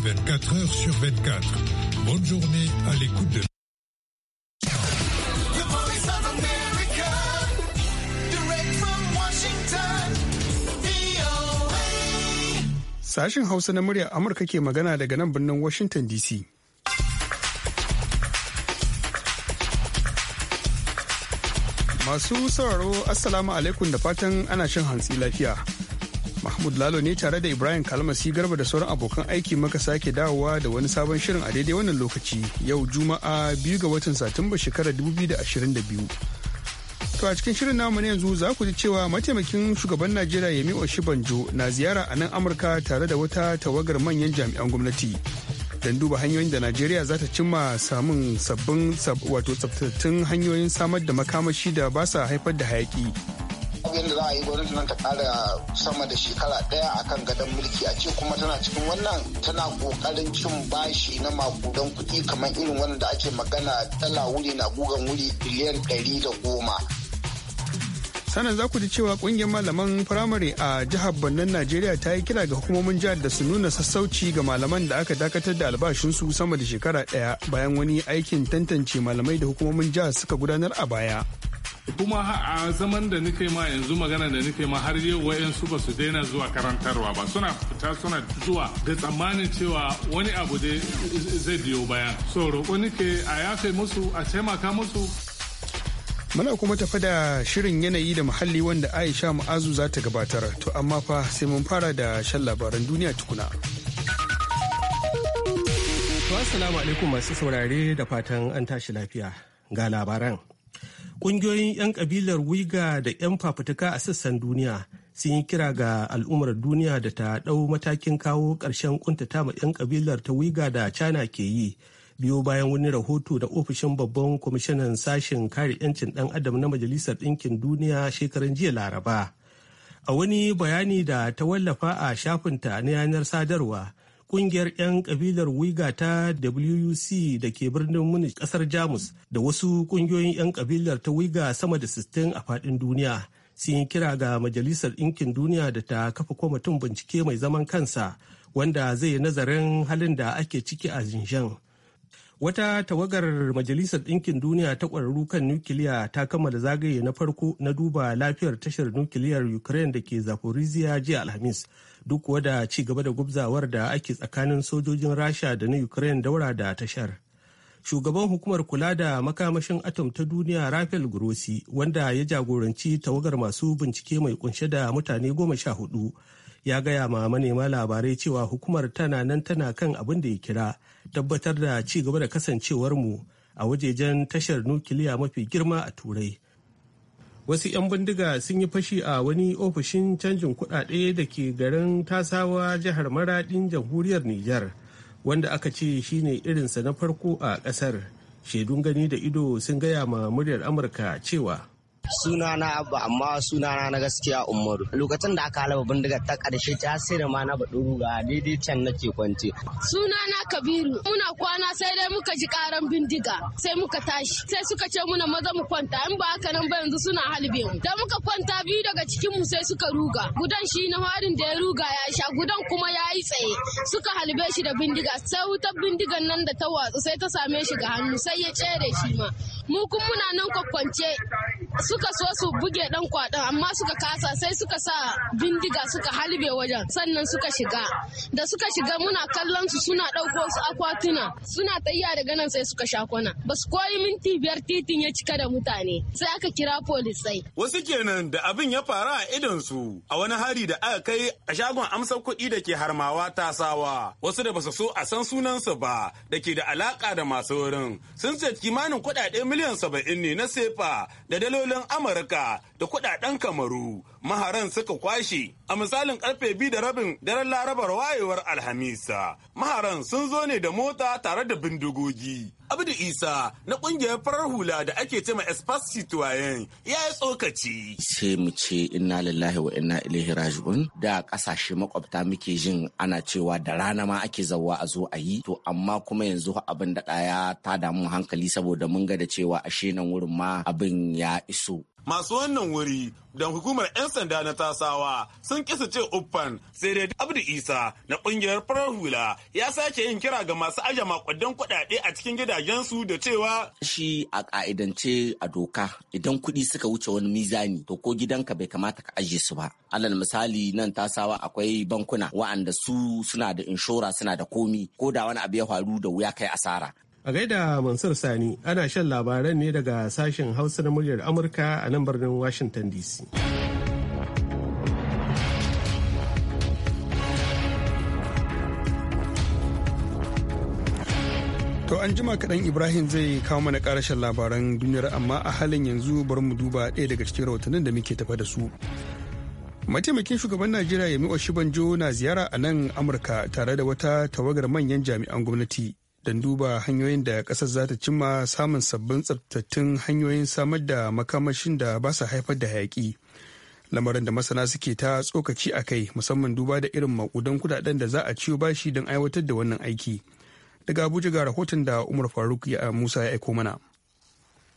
24 heures sur 24. Bonne journée à l'écoute de Sashen Hausa na murya Amurka ke magana daga nan birnin Washington DC. Masu sauraro, Assalamu alaikum da fatan ana shan hantsi lafiya. Mahmud Lalo ne tare da Ibrahim Kalmasi Garba da sauran abokan aiki maka sake dawowa da wani sabon shirin a daidai wannan lokaci yau Juma'a biyu ga watan Satumba shekarar 2022. To a cikin shirin namu na yanzu za ku ji cewa mataimakin shugaban Najeriya Yemi Oshibanjo na ziyara a nan Amurka tare da wata tawagar manyan jami'an gwamnati. Don duba hanyoyin da Najeriya za ta cimma samun sabbin wato tsabtattun hanyoyin samar da makamashi da ba sa haifar da hayaki. yadda za a yi gwamnati nan ta kara sama da shekara daya a kan gadon mulki a ce kuma tana cikin wannan tana kokarin cin bashi na makudan kuɗi kamar irin wanda ake magana dala wuri na gugan wuri biliyan ɗari da goma. sanan za ku ji cewa kungiyar malaman firamare a jihar bannan najeriya ta yi kira ga hukumomin jihar da su nuna sassauci ga malaman da aka dakatar da albashinsu sama da shekara daya bayan wani aikin tantance malamai da hukumomin jihar suka gudanar a baya kuma a zaman da nake ma yanzu magana da nake ma har yau wayansu ba su daina zuwa karantarwa ba suna fita suna zuwa da tsammanin cewa wani abu da zai biyo baya so roƙo nake a yafe musu a taimaka musu Muna kuma tafi da shirin yanayi da muhalli wanda Aisha ma'azu za ta gabatar, to amma fa sai mun fara da shan labaran duniya tukuna. To, Assalamu alaikum masu saurare da fatan an tashi lafiya ga labaran. Ƙungiyoyin 'yan kabilar Wiga da 'yan fafutuka a sassan duniya sun yi kira ga al'ummar duniya da ta ɗau matakin kawo ƙarshen ƙuntata ma 'yan kabilar ta Wiga da China ke yi. Biyo bayan wani rahoto da ofishin babban kwamishinan sashen kare 'yancin ɗan adam na Majalisar Ɗinkin Duniya shekaran jiya Laraba. A wani bayani da ta wallafa a shafinta na yanar sadarwa, kungiyar 'yan kabilar wiga ta wuc da ke birnin munich kasar jamus da wasu kungiyoyin 'yan kabilar ta wiga sama da 60 a fadin duniya sun yi kira ga majalisar ɗinkin duniya da ta kafa kwamitin bincike mai zaman kansa wanda zai yi nazarin halin da ake ciki a Xinjiang. Wata tawagar Majalisar Ɗinkin Duniya ta ƙwararru kan nukiliya ta kammala zagaye na farko na duba lafiyar tashar nukiliyar Ukraine da ke Zaporizhia jiya Alhamis, duk wada ci gaba da gubzawar da ake tsakanin sojojin rasha da na ukraine daura da tashar shugaban hukumar kula da makamashin atom ta duniya rafael grossi wanda ya jagoranci tawagar masu bincike mai kunshe da mutane goma sha hudu ya gaya ma manema labarai cewa hukumar tana nan tana kan abin da ya kira tabbatar da ci gaba da kasancewar mu a wajejen tashar nukiliya mafi girma a turai wasu 'yan bindiga sun yi fashi a wani ofishin canjin kuɗaɗe da ke garin tasawa jihar maraɗin jamhuriyar niger wanda aka ce shine irinsa na farko a ƙasar shaidun gani da ido sun gaya ma muryar amurka cewa sunana abba amma sunana na gaskiya umaru lokacin da aka halaba bindigar ta karshe ta sai da ma na baɗi ruga daidai can nake kwance sunana kabiru muna kwana sai dai muka ji karan bindiga sai muka tashi sai suka ce muna maza mu kwanta in ba haka nan ba yanzu suna halbe mu da muka kwanta biyu daga cikin mu sai suka ruga gudan shi na harin da ya ruga ya sha gudan kuma ya yi tsaye suka halbe shi da bindiga sai wutar bindigan nan da ta watsu sai ta same shi ga hannu sai ya tsere shi ma mu kuma muna nan kwakwance suka so su buge dan kwadon amma suka kasa sai suka sa bindiga suka halbe wajen sannan suka shiga da suka shiga muna kallon su suna ɗauko su akwatuna suna tayya daga nan sai suka sha kwana ba su koyi minti biyar titin ya cika da mutane sai aka kira polisai wasu kenan da abin ya fara a idon su a wani hari da aka kai a shagon amsar kuɗi da ke harmawa tasawa wasu da basu so a san sunansu ba da ke da alaka da masu wurin sun ce kimanin kuɗaɗe miliyan saba'in ne na sefa da daloli. dalolin Amurka da kudaden Kamaru maharan suka kwashe a misalin karfe biyu da rabin daren larabar wayewar alhamisa maharan sun zo ne da mota tare da bindigogi abdu isa na kungiyar farar hula da ake cema espas citoyen ya yi tsokaci sai mu ce inna lillahi wa inna ilaihi raji'un da kasashe makwabta muke jin ana cewa da rana ma ake zawa a zo a yi to amma kuma yanzu abin da ya ta damu hankali saboda mun ga da cewa ashe nan wurin ma abin ya iso masu wannan wuri don hukumar 'yan sanda na tasawa sun kisa ce uffan sai dai abdu isa na kungiyar farar hula ya sake yin kira ga masu aje makudan kuɗaɗe a cikin gidajensu da cewa shi a ka'idance a doka idan kuɗi suka wuce wani mizani to ko gidanka bai kamata ka aje su ba alal misali nan tasawa akwai bankuna wa'anda su suna da inshora suna da komi ko da wani abu ya faru da wuya kai asara A gaida Mansur Sani ana shan labaran ne daga sashen Hausa na muryar Amurka a nan birnin Washington DC. To an jima kaɗan Ibrahim zai kawo mana ƙarashin labaran duniyar amma a halin yanzu bari mu duba ɗaya daga cikin rahotannin da muke tafa da su. Mataimakin shugaban Najeriya Yemi Oshibanjo na ziyara a nan Amurka tare da wata tawagar manyan jami'an gwamnati. don duba hanyoyin da ƙasar za ta cimma samun sabbin tsabtattun hanyoyin samar da makamashin da ba su haifar da hayaƙi lamarin da masana suke ta tsokaci a kai musamman duba da irin makudan kudaden da za a ciyo bashi don aiwatar da wannan aiki daga abuja ga rahoton da umar faruk ya musa ya aiko mana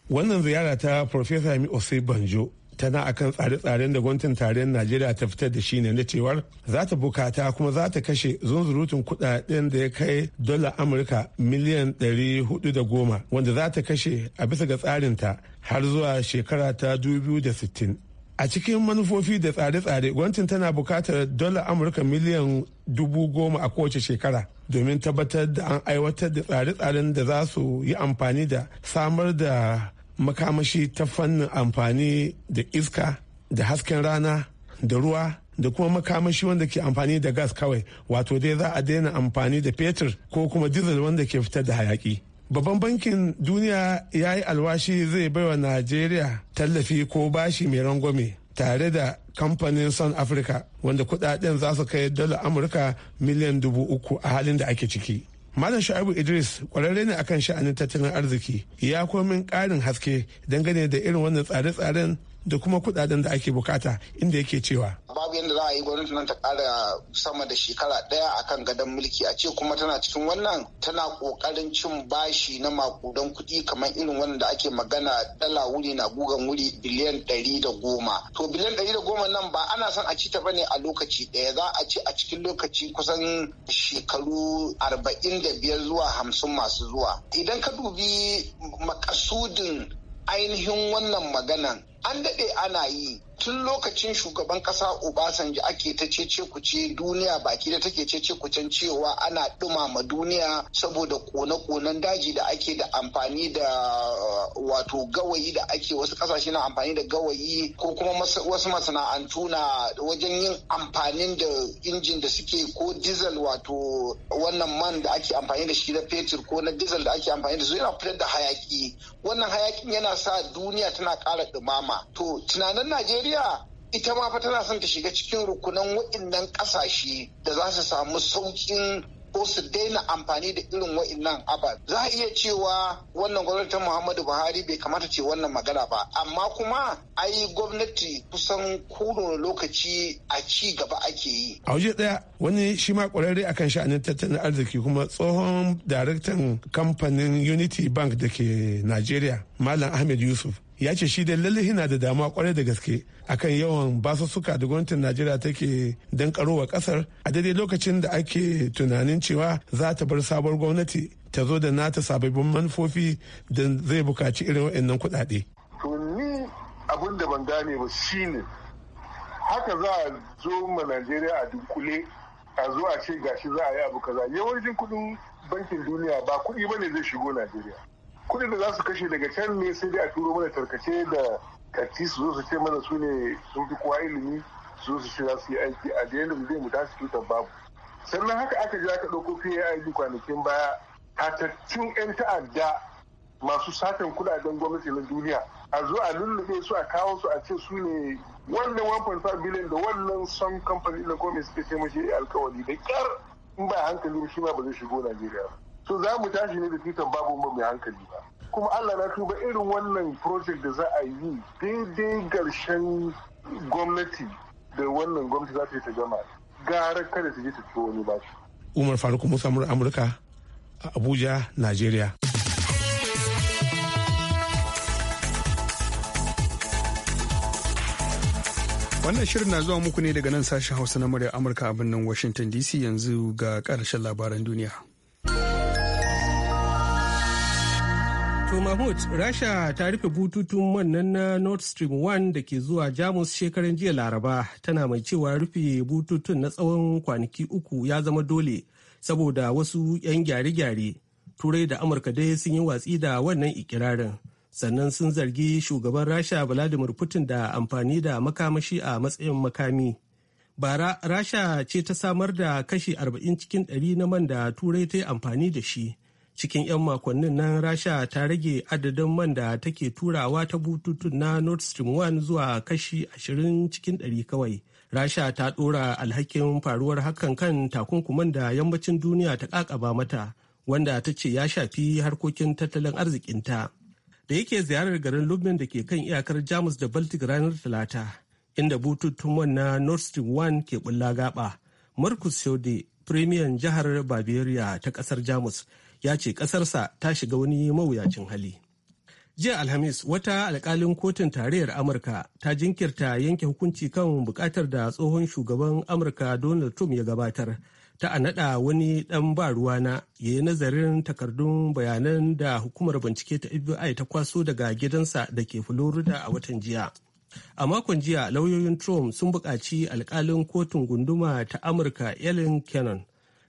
wannan ziyara ta profesa mi banjo tana akan tsare-tsaren da gwamnatin tarayyar najeriya ta fitar da shi ne na cewar za ta bukata kuma za ta kashe zunzurutun kudaden da ya kai dola amurka miliyan 410 wanda za ta kashe a bisa ga tsarin ta har zuwa shekara ta 2060 a cikin manufofi da tsare-tsare gwamnatin tana bukatar dola amurka miliyan dubu goma a kowace shekara domin tabbatar da an aiwatar da tsare-tsaren da za su yi amfani da samar da makamashi ta fannin amfani da iska da hasken rana da ruwa da kuma makamashi wanda ke amfani da gas kawai wato dai za a daina amfani da fetur ko kuma dizal wanda ke fitar da hayaki babban bankin duniya ya yi alwashi zai baiwa najeriya tallafi ko bashi mai rangwame tare da kamfanin sun africa wanda kudaden za su kai dala amurka miliyan dubu uku a halin da ake ciki Malam sha'abu Idris kwararre ne akan sha'anin tattalin arziki ya komin ƙarin haske dangane da irin wannan tsare-tsaren da kuma kudaden da ake bukata inda yake cewa babu yadda za a yi gwamnati nan ta kara sama da shekara daya kan gadon mulki a ce kuma tana cikin wannan tana kokarin cin bashi na makudan kuɗi kamar irin wannan da ake magana dala wuri na gugan wuri biliyan ɗari da goma to biliyan ɗari da goma nan ba ana son a ci ta bane a lokaci ɗaya za a ci a cikin lokaci kusan shekaru arba'in da biyar zuwa hamsin masu zuwa idan ka dubi makasudin ainihin wannan maganan an daɗe ana yi tun lokacin shugaban kasa obasanjo ake ta cece kuce duniya baki da take cece kucen cewa ana dumama duniya saboda kone-konen daji da ake da amfani da uh, wato gawayi da ake wasu kasashe na amfani da gawayi ko kuma wasu masana'antu na wajen yin amfanin da injin da suke ko diesel wato wannan man da ake amfani da shi na fetur ko na dizal da ake amfani da su yana fitar da hayaki wannan hayakin yana sa duniya tana ƙara dumama to tunanin najeriya Najeriya ita ma fa tana son ta shiga cikin rukunan waɗannan ƙasashe da za su samu sauƙin ko su daina amfani da irin wa'innan aba za a iya cewa wannan gwamnati muhammadu buhari bai kamata ce wannan magana ba amma kuma ai gwamnati kusan kuno lokaci a ci gaba ake yi a waje daya wani shi ma kwararre akan sha'anin tattalin arziki kuma tsohon daraktan kamfanin unity bank da ke nigeria malam ahmed yusuf ya ce shi da lalle na da dama kwarai da gaske akan yawan basussuka da gwamnatin najeriya take dan karowa kasar a daidai lokacin da ake tunanin cewa za ta bar sabuwar gwamnati ta zo da nata sababbin manufofi da zai bukaci irin waɗannan kuɗaɗe. to ni abin da ban gane ba ne haka za a zo ma najeriya a dunkule a zo a ce gashi za a yi abu kaza yawancin kuɗin bankin duniya ba kuɗi bane zai shigo najeriya kuɗin da za su kashe daga can ne sai dai a turo mana tarkace da kati su zo su ce mana su ne sun fi kowa ilimi su zo su ce za su yi aiki a da yadda zai mu tasu tutar babu sannan haka aka ji aka ɗauko PAID kwanakin baya hatattun 'yan ta'adda masu satan kudaden gwamnati na duniya a zo a lullube su a kawo su a ce su ne wannan 1.5 billion da wannan son kamfani na gwamnati suka ce mashi alkawari da kyar in ba hankali shi ma ba zai shigo najeriya ba so za mu tashi ne da titan babu mu mai hankali ba kuma allah na tuba irin wannan project da za a yi daidai garshen gwamnati da wannan gwamnati za ta yi ta gama gara kada ta je ta ciwo wani ba umar faruk musa amurka a abuja nigeria Wannan shirin na zuwa muku ne daga nan sashen Hausa na murya Amurka a birnin Washington DC yanzu ga ƙarshen labaran duniya. To Mahmud, Rasha ta rufe bututun wannan na Nord Stream 1 da ke zuwa Jamus shekaran jiya Laraba tana mai cewa rufe bututun na tsawon kwanaki uku ya zama dole saboda wasu 'yan gyare-gyare. Turai da Amurka dai sun yi watsi da wannan ikirarin. Sannan sun zargi shugaban Rasha Vladimir Putin da amfani da makamashi a matsayin makami. Bara Rasha ce ta samar da kashi 40 cikin 100 na man da Turai ta yi amfani da shi. cikin 'yan makonnin nan rasha ta rage adadin man da take turawa ta bututun na nord stream 1 zuwa kashi 20 cikin 100 kawai rasha ta dora alhakin faruwar hakan kan takunkuman da yammacin duniya ta kakaba mata wanda ta ce ya shafi harkokin tattalin arzikinta da yake ziyarar garin Lubin da ke kan iyakar jamus da baltic ranar talata inda bututun man na nord stream 1 ke bulla gaba marcus shode premier jihar bavaria ta kasar jamus ya ce ƙasarsa ta shiga wani mawuyacin hali. jiya alhamis wata alkalin kotun tarayyar amurka ta jinkirta yanke hukunci kan bukatar da tsohon shugaban amurka donald trump ya gabatar ta a naɗa wani ɗan ba ruwana ya yi nazarin takardun bayanan da hukumar bincike ta fbi ta kwaso daga gidansa da ke florida a watan jiya a makon jiya lauyoyin trump sun bukaci alkalin kotun gunduma ta amurka ellen cannon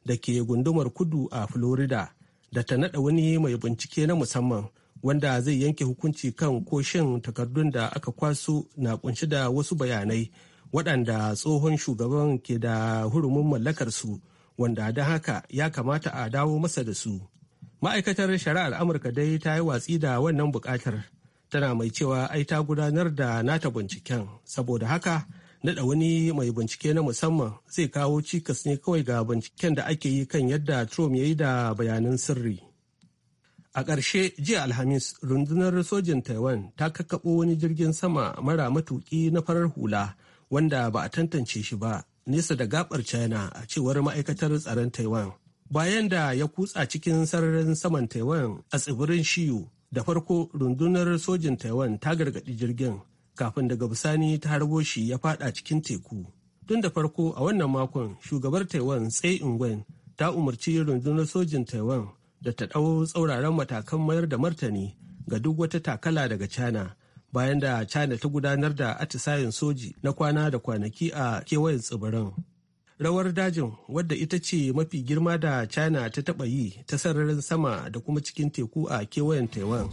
da ke gundumar kudu a florida da ta nada wani mai bincike na musamman wanda zai yanke hukunci kan ko shin takardun da aka kwaso na kunshi da wasu bayanai waɗanda tsohon shugaban ke da hurumin mallakar su wanda da haka ya kamata a dawo masa da su ma'aikatar shari'ar amurka dai ta yi watsi da wannan buƙatar tana mai cewa ai ta gudanar da nata binciken saboda haka Nada wani mai bincike na musamman zai kawo cikas ne kawai ga binciken da ake yi kan yadda Trump ya yi da bayanan sirri. A ƙarshe jiya Alhamis, rundunar sojin Taiwan ta kakkaɓo wani jirgin sama mara matuki na farar hula wanda ba a tantance shi ba nesa da gabar China a cewar ma'aikatar tsaron Taiwan. Bayan da ya kutsa cikin sararin saman Taiwan a tsibirin Shiyu, da farko rundunar sojin Taiwan ta gargaɗi jirgin kafin daga bisani ta harbo shi ya fada cikin teku. Tun da farko a wannan makon shugabar Taiwan Tsai ingwen ta umarci rundunar sojin Taiwan da ta ɗau tsauraran matakan mayar da martani ga duk wata takala daga China bayan da China ta gudanar da atisayen soji na kwana da kwanaki a kewayen tsibirin. rawar dajin wadda ita ce mafi girma da china ta taba yi ta sararin sama da kuma cikin teku a kewayen taiwan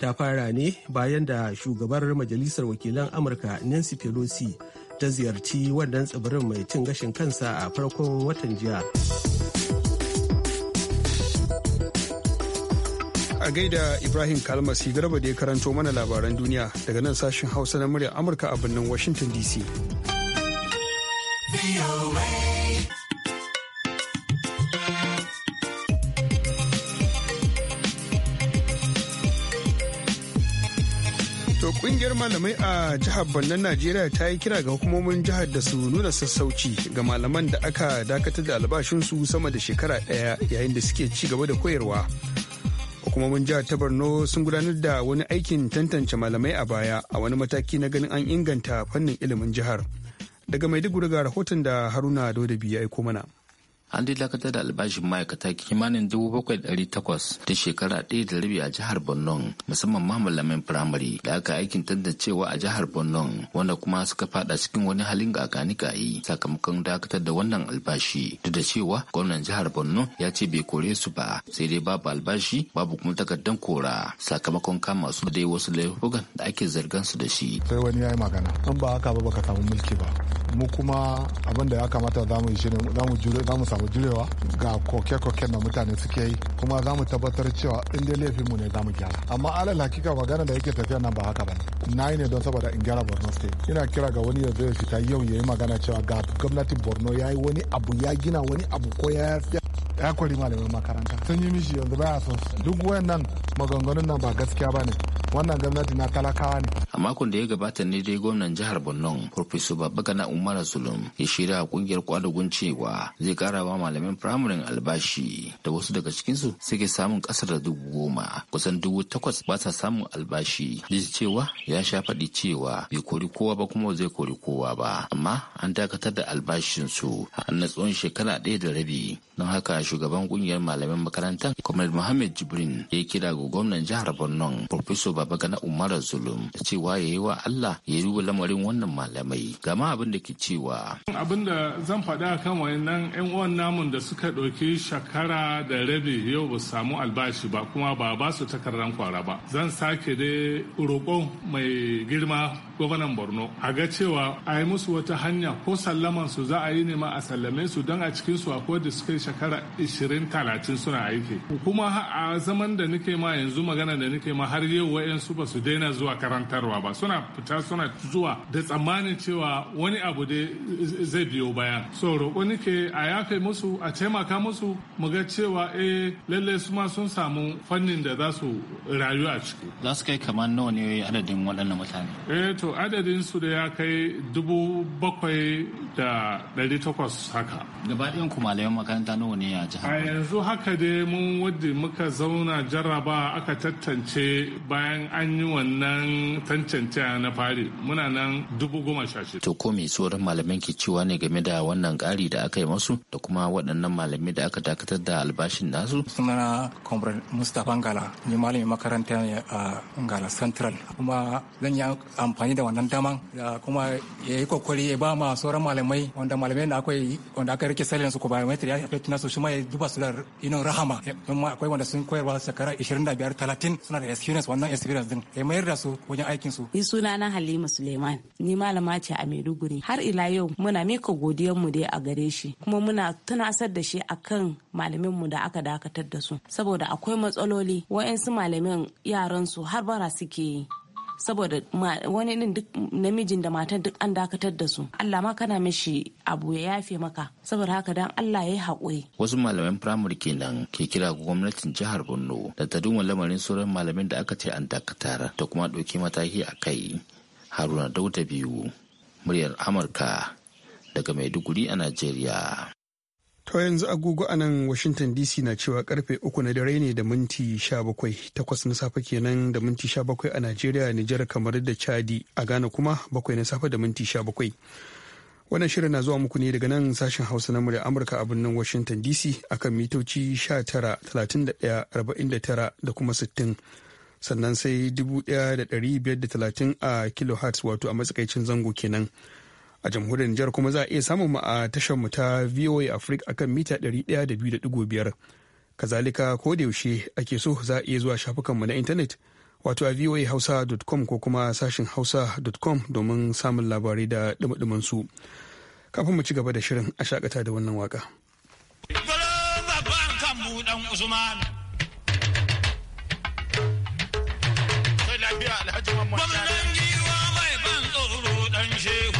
ta fara ne bayan da shugabar majalisar wakilan amurka nancy pelosi ta ziyarci wannan tsibirin mai cin gashin kansa a farkon watan jiya a gaida ibrahim kalmasi garba da ya karanto mana labaran duniya daga nan sashen hausa na murya amurka a birnin washington dc To ƙungiyar malamai a jihar Bannan Najeriya ta yi kira ga hukumomin jihar da su nuna sassauci ga malaman da aka dakatar da albashinsu sama da shekara ɗaya yayin da suke ci gaba da koyarwa. Hukumomin jihar ta Borno sun gudanar da wani aikin tantance malamai a baya a wani mataki na ganin an inganta fannin ilimin jihar. daga maiduguri ga rahoton da haruna dodabi ya aiko mana an dai dakatar da albashin ma'aikata kimanin dubu bakwai ɗari takwas ta shekara ɗaya da rabi a jihar borno musamman ma malamin firamare da aka aikin tantancewa a jihar borno wanda kuma suka faɗa cikin wani halin gagani gayi sakamakon dakatar da wannan albashi duk da cewa gwamnan jihar borno ya ce bai kore su ba sai dai babu albashi babu kuma takardar kora sakamakon kama su dai wasu laifukan da ake zargan su da shi sai wani ya yi magana An ba haka ba baka samu mulki ba mu kuma abin da ya kamata za mu yi shine za mu samu jurewa ga koke koke da mutane suke yi kuma za mu tabbatar cewa in dai laifin mu ne za mu gyara amma alal hakika magana da yake tafiya nan ba haka ba na yi ne don saboda in gyara borno state ina kira ga wani yanzu ya fita yau ya yi magana cewa ga gwamnatin borno ya yi wani abu ya gina wani abu ko ya ya kwari malamin makaranta sun yi mishi yanzu baya son duk wayannan maganganun nan ba gaskiya ba ne wannan gwamnati na talakawa ne. A makon da ya gabata ne dai gwamnan jihar Borno, Profesor na Umar Zulum ya shirya a kungiyar kwadugun cewa zai kara wa malamin firamarin albashi da wasu daga cikinsu suke samun kasar da dubu goma kusan dubu takwas ba sa samun albashi. Duk cewa ya sha faɗi cewa bai kori kowa ba kuma zai kori kowa ba amma an dakatar da albashinsu a na tsawon shekara ɗaya da rabi. Don haka shugaban kungiyar malamin makarantar Comrade Muhammad Jibrin ya kira ga gwamnan jihar borno Babaga babagana umar zulum da cewa ya yi wa allah ya yi duba lamarin wannan malamai gama abin da ke cewa abin da zan faɗa kan wayannan yan uwan namun da suka ɗauki shakara da rabi yau ba samu albashi ba kuma ba ba su takardar kwara ba zan sake dai roƙon mai girma gwamnan borno a ga cewa a yi musu wata hanya ko sallaman su za a yi nema a sallame su don a cikin su ko da suka shekara 20 talatin suna aiki kuma a zaman da nake ma yanzu magana da nake ma har yau wa'yansu ba su daina zuwa karantarwa ba suna fita suna zuwa da tsammanin cewa wani abu da zai biyo baya so roƙo nake a yafe musu a taimaka musu mu ga cewa e eh, lalle su ma sun samu fannin da za su rayu a ciki za su kai kamar nawa ne adadin waɗannan mutane eh to adadinsu adadin su da ya kai dubu bakwai da ɗari takwas haka Gabaɗin kumalayen makaranta nawa ne y'a jihar a yanzu haka dai mun wadda muka zauna jarraba aka tantance bayan an yi wannan tantance na fari muna nan dubu goma sha shida to ko tsoron malaman ke cewa ne game da wannan ƙari da aka yi masu da kuma waɗannan malamai da aka dakatar da albashin nasu sunana comrade mustapha ngala ni malamin makaranta a ngala central kuma zan yi amfani da da wannan daman kuma ya yi kokari ya ba ma sauran malamai wanda malamai da akwai wanda aka rike salin su ko biometri ya fi su shi ma ya duba su da inon rahama don ma akwai wanda sun koyarwa shekara 25 30 suna da experience wannan experience din ya mayar da su wajen aikin su ni suna na Halima Suleiman ni malama ce a Maiduguri har ila yau muna mika godiyan mu dai a gare shi kuma muna tunasar da shi akan malamin mu da aka dakatar da su saboda akwai matsaloli wa'yansu malamin yaran su har bara suke yi saboda wani din duk namijin da matan duk an dakatar da su Allah ma kana mishi abu ya yafe maka saboda haka dan Allah ya yi haƙuri wasu malaman firamare kenan ke kira ga gwamnatin jihar Borno da ta duma lamarin sauran malamin da aka ce an dakatar da kuma ɗauki mataki a kai Haruna Dauda biyu muryar Amurka daga Maiduguri a Najeriya To yanzu agogo a nan Washington DC na cewa karfe uku na dare ne da minti 17 takwas na safe kenan da minti 17 a Najeriya, Nijar, kamar da Chadi a Ghana kuma bakwai na safe da minti 17. Wannan shirin na zuwa muku ne daga nan sashen Hausa na murya Amurka a birnin Washington DC akan mitoci 19, 31, da kuma 60. Sannan sai 1530 a kilohertz wato a matsakaicin zango kenan. a jamhuriyar Nijar kuma za a iya samun mu a tashar mu ta VOA Africa akan mita 102.5 kazalika ko da yaushe ake so za a iya zuwa shafukan mu na intanet wato a voahausa.com ko kuma sashin hausa.com domin samun labarai da dumadumin su kafin mu ci gaba da shirin a shakata da wannan waka Gwamnan giwa mai ban tsoro dan shehu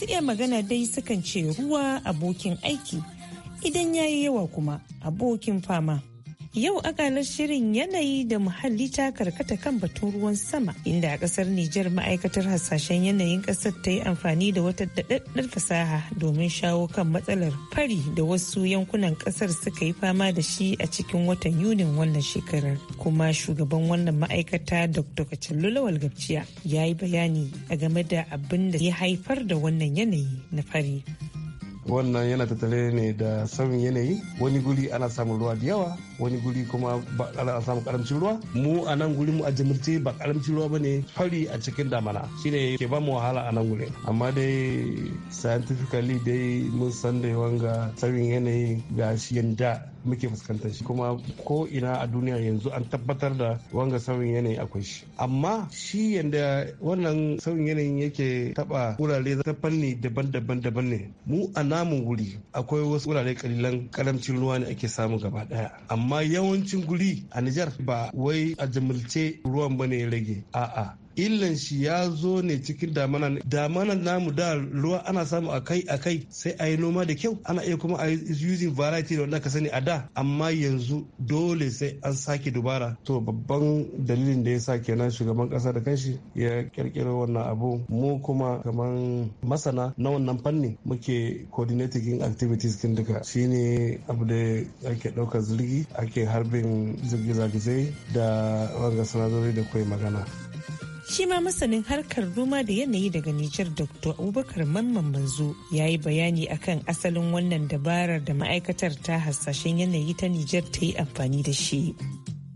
masu iya magana dai sukan ce ruwa abokin aiki idan ya yi yawa kuma abokin fama Yau akalar shirin yanayi da muhalli ta karkata kan batun ruwan sama inda a kasar Nijar ma'aikatar hasashen yanayin kasar ta yi amfani da wata daɗaɗɗar fasaha domin shawo kan matsalar fari da wasu yankunan kasar suka yi fama da shi a cikin watan Yunin wannan shekarar. Kuma shugaban wannan ma'aikata Dr. Kacallu Gabciya ya yi bayani a game da abin da ya haifar da wannan yanayi na fari. wannan yana tattare ne da sauyin yanayi wani guri ana samun ruwa da yawa wani guri kuma ba ana samun karamcin ruwa mu a nan guri mu a jimirce ba karamcin ruwa bane fari a cikin damana shine ke ba mu wahala a nan guri amma dai scientifically dai mun san da wanga sauyin yanayi ga shi yanda muke fuskantar shi kuma ko ina a duniya yanzu an tabbatar da wanga sauyin yanayi akwai shi amma shi yanda wannan sauyin yanayin yake taba wurare ta fanni daban-daban daban ne mu a namun wuri akwai wasu wurare kalilan karamcin ruwa ne ake samu gaba daya amma yawancin guri a Nijar ba wai a jimilce ruwan bane ya rage a'a illan shi ya zo ne cikin damana damana namu da ruwa ana samu akai akai sai a yi noma da kyau ana iya kuma a yi using variety da wanda ka sani a da amma yanzu dole sai an sake dubara to babban dalilin da ya sa kenan shugaban kasa da kanshi ya kirkiro wannan abu mu kuma kamar masana na wannan fanni muke coordinating activities kin duka shine abu da ake ɗaukar zirgi ake harbin zirge-zirgizai da wanga sanadori da kai magana shi ma masanin harkar noma da yanayi daga Nijar Dr. Abubakar Mamman Manzo ya yi bayani akan asalin wannan dabarar da ma'aikatar ta hasashen yanayi ta Nijar ta yi amfani da shi.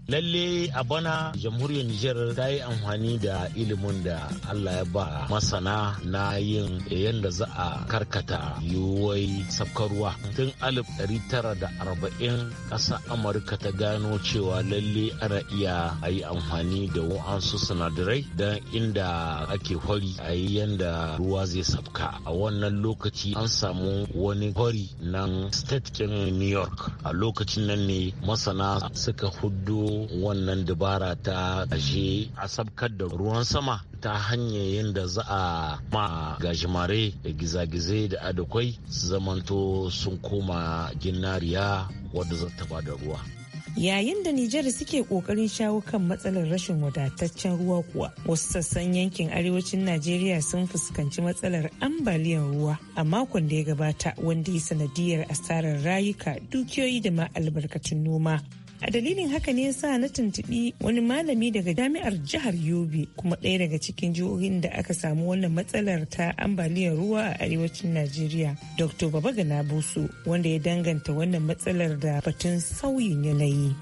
lalle a bana jamhuriyar Nijar ta yi amfani da ilimin da Allah ya ba masana na yin yadda za a karkata yiwuwai sabkarwa tun 1940 ƙasa amurka ta gano cewa lalle ana iya a yi amfani da wa'ansu sinadarai don inda ake hori a yi yadda ruwa zai sabka a wannan lokaci an samu wani hori nan state king new york a lokacin nan ne masana suka hudu wannan dubara ta ashe a sabkar da ruwan sama ta hanyar da za a ma gajimare da gizagizai da adakwai su zamanto sun koma ginnariya wadda za ta bada ruwa. Yayin da Nijar suke kokarin shawo kan matsalar rashin wadataccen ruwa kuwa, wasu sassan yankin arewacin Najeriya sun fuskanci matsalar ambaliyar ruwa a makon da ya gabata wanda ya sanadiyar asarar rayuka, dukiyoyi da ma albarkatun noma. a dalilin haka ne sa na tuntuɓi wani malami daga jami'ar jihar yobe kuma ɗaya daga cikin jihohin da aka samu wannan matsalar ta ambaliyar ruwa a arewacin najeriya dr babagana Boso, wanda ya danganta wannan matsalar da batun sauyin yanayi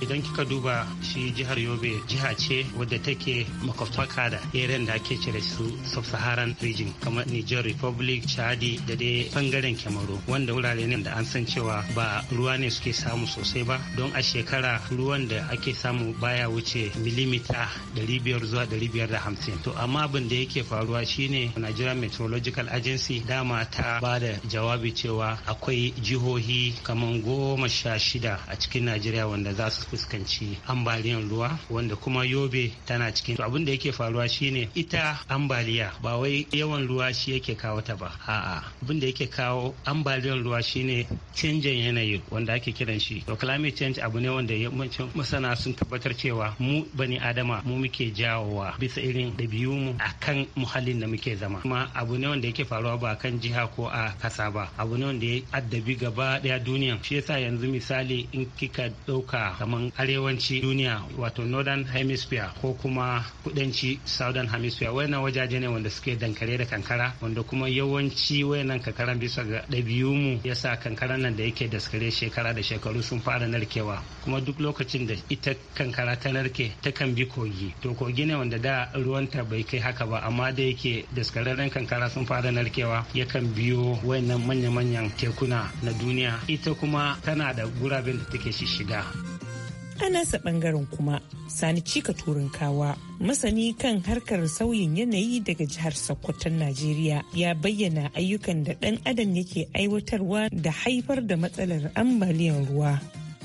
idan kika duba shi jihar yobe jiha ce wadda take makwabtaka da yaren da ake cire su sub-saharan region kamar niger republic chadi da dai bangaren kyamaro wanda wurare ne da an san cewa ba ruwa ne suke samu sosai ba don a shekara ruwan da ake samu baya wuce milimita 500 zuwa 550 to amma abin da yake faruwa shine nigeria meteorological agency dama ta ba da jawabi cewa akwai jihohi kamar goma sha shida a cikin najeriya wanda za su fuskanci ambaliyan ruwa wanda kuma yobe tana cikin to abin da yake faruwa shine ita ambaliya ba wai yawan ruwa shi yake kawo ta ba a'a abin da yake kawo ambaliyan ruwa shine canjin yanayi wanda ake kiran shi to climate change abu ne wanda yawancin masana sun tabbatar cewa mu bani adama mu muke jawowa bisa irin ɗabi'u mu akan muhallin da muke zama kuma abu ne wanda yake faruwa ba kan jiha ko a kasa ba abu ne wanda ya addabi gaba daya duniya shi yasa yanzu misali in kika ɗauka kamar musamman arewanci duniya wato northern hemisphere ko kuma kudanci southern hemisphere wayannan wajaje ne wanda suke dankare da kankara wanda kuma yawanci wayannan kankaran bisa ga ɗabi'u ya yasa kankaran nan da yake daskare shekara da shekaru sun fara narkewa kuma duk lokacin da ita kankara ta narke ta kan bi kogi to kogi ne wanda da ruwanta bai kai haka ba amma da yake daskararren kankara sun fara narkewa yakan biyo wayannan manya-manyan tekuna na duniya ita kuma tana da guraben da take shishiga. shiga a nasa bangaren kuma sani cika turinkawa masani kan harkar sauyin yanayi daga jihar sokoton najeriya ya bayyana ayyukan da dan adam yake aiwatarwa da haifar da matsalar ambaliyar ruwa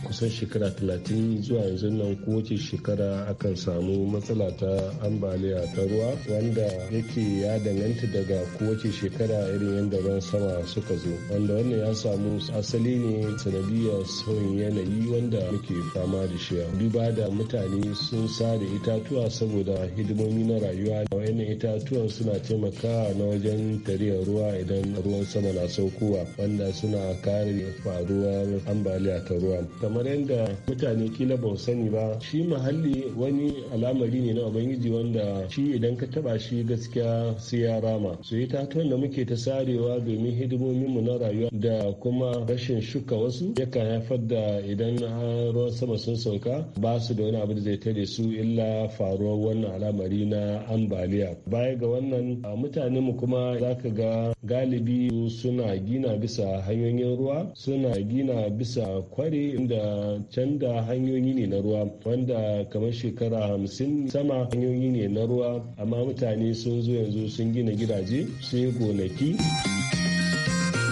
kusan shekara 30 zuwa yanzu nan kowace shekara akan samu matsala ta ambaliya ta ruwa wanda yake ya danganta daga kowace shekara irin yadda ruwan sama suka zo wanda wannan ya samu asali ne sanadiyar sauyin yanayi wanda muke fama da shi duba da mutane sun sare itatuwa saboda hidimomi na rayuwa da wayannan itatuwan suna taimakawa na wajen tariyar ruwa idan ruwan sama na saukowa wanda suna kare faruwar ambaliya ta ruwa kamar yadda mutane kila ba sani ba shi muhalli wani al'amari ne na ubangiji wanda shi idan ka taba shi gaskiya sai ya rama su yi tatuwan da muke ta sarewa domin hidimomin mu na rayuwa da kuma rashin shuka wasu yakan haifar da idan ruwan sama sun sauka ba su da wani abu da zai tare su illa faruwar wannan al'amari na ambaliya baya ga wannan mutane mu kuma ka ga galibi suna gina bisa hanyoyin ruwa suna gina bisa kware inda canda hanyoyi ne na ruwa wanda kamar shekara hamsin sama hanyoyi ne na ruwa amma mutane sun zo yanzu sun gina gidaje sun yi gonaki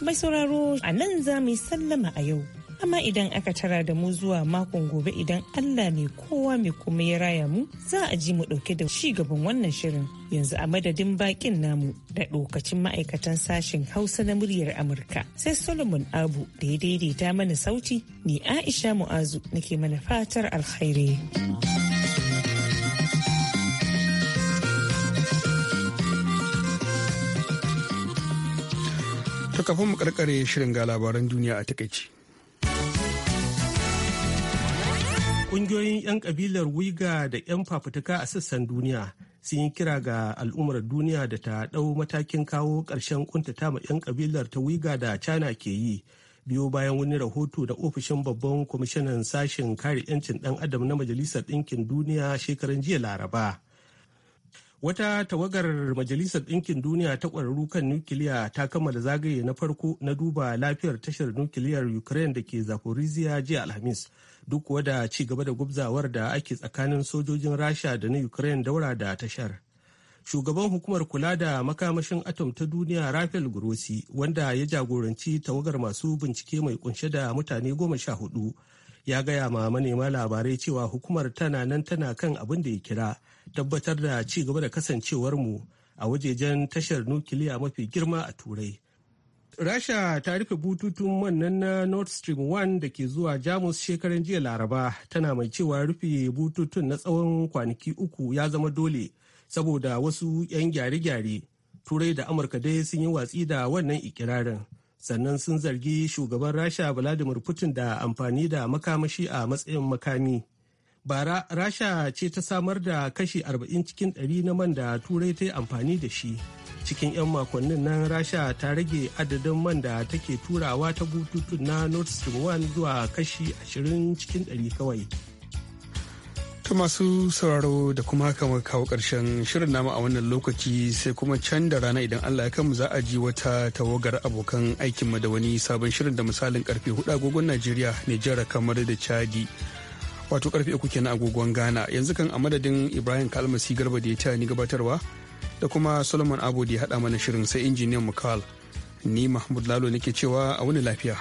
mai sauraro a nan za mu yi sallama a yau amma idan aka tara da mu zuwa makon gobe idan Allah mai kowa mai kuma ya raya mu za a ji mu dauke da shi gaban wannan shirin yanzu a madadin bakin namu da lokacin ma'aikatan sashen Hausa na muryar Amurka sai Solomon Abu da ya daidaita mana sauti ni Aisha Mu'azu nake mana fatar alkhairi. To kafin mu karkare shirin ga labaran duniya a takaici. Ƙungiyoyin 'yan kabilar Wiga da 'yan fafutuka a sassan duniya sun yi kira ga al'ummar duniya da ta ɗau matakin kawo ƙarshen kuntata ma 'yan kabilar ta Wiga da China ke yi. Biyo bayan wani rahoto da ofishin babban kwamishinan sashen kare 'yancin ɗan adam na Majalisar Ɗinkin Duniya shekaran jiya Laraba. Wata tawagar Majalisar Ɗinkin Duniya ta ƙwararru kan nukiliya ta kammala zagaye na farko na duba lafiyar tashar nukiliyar Ukraine da ke Zaporizhia jiya Alhamis, duk wada ci gaba da gubzawar da ake tsakanin sojojin rasha da na ukraine daura da tashar shugaban hukumar kula da makamashin atom ta duniya rafael grossi wanda ya jagoranci tawagar masu bincike mai kunshe da mutane goma sha hudu ya gaya ma manema labarai cewa hukumar tana nan tana kan abin da ya kira tabbatar da ci gaba da kasancewar mu a wajejen tashar nukiliya mafi girma a turai Rasha ta rufe bututun man na Nord Stream 1 da ke zuwa Jamus shekaran jiya Laraba tana mai cewa rufe bututun na tsawon kwanaki uku ya zama dole saboda wasu 'yan gyare-gyare. Turai da Amurka dai sun yi watsi da wannan ikirarin. Sannan sun zargi shugaban Rasha Vladimir Putin da amfani da makamashi a matsayin makami. Bara Rasha ce ta samar da kashi 40 cikin 100 na man da Turai ta yi amfani da shi. cikin 'yan makonnin nan rasha ta rage adadin man da take turawa ta bututun na nord stream 1 zuwa kashi 20 cikin 100 kawai ta masu sauraro da kuma haka kawo karshen shirin nama a wannan lokaci sai kuma can da rana idan allah ya mu za a ji wata tawagar abokan aikin da wani sabon shirin da misalin karfe hudu agogon najeriya nijar kamar da chadi wato karfe uku kenan agogon ghana yanzu kan a madadin ibrahim kalmasi garba da ya ta ni gabatarwa da kuma solomon abu da ya haɗa mana shirin sai injiniyan mu ni mahmud lalo nake cewa a wani lafiya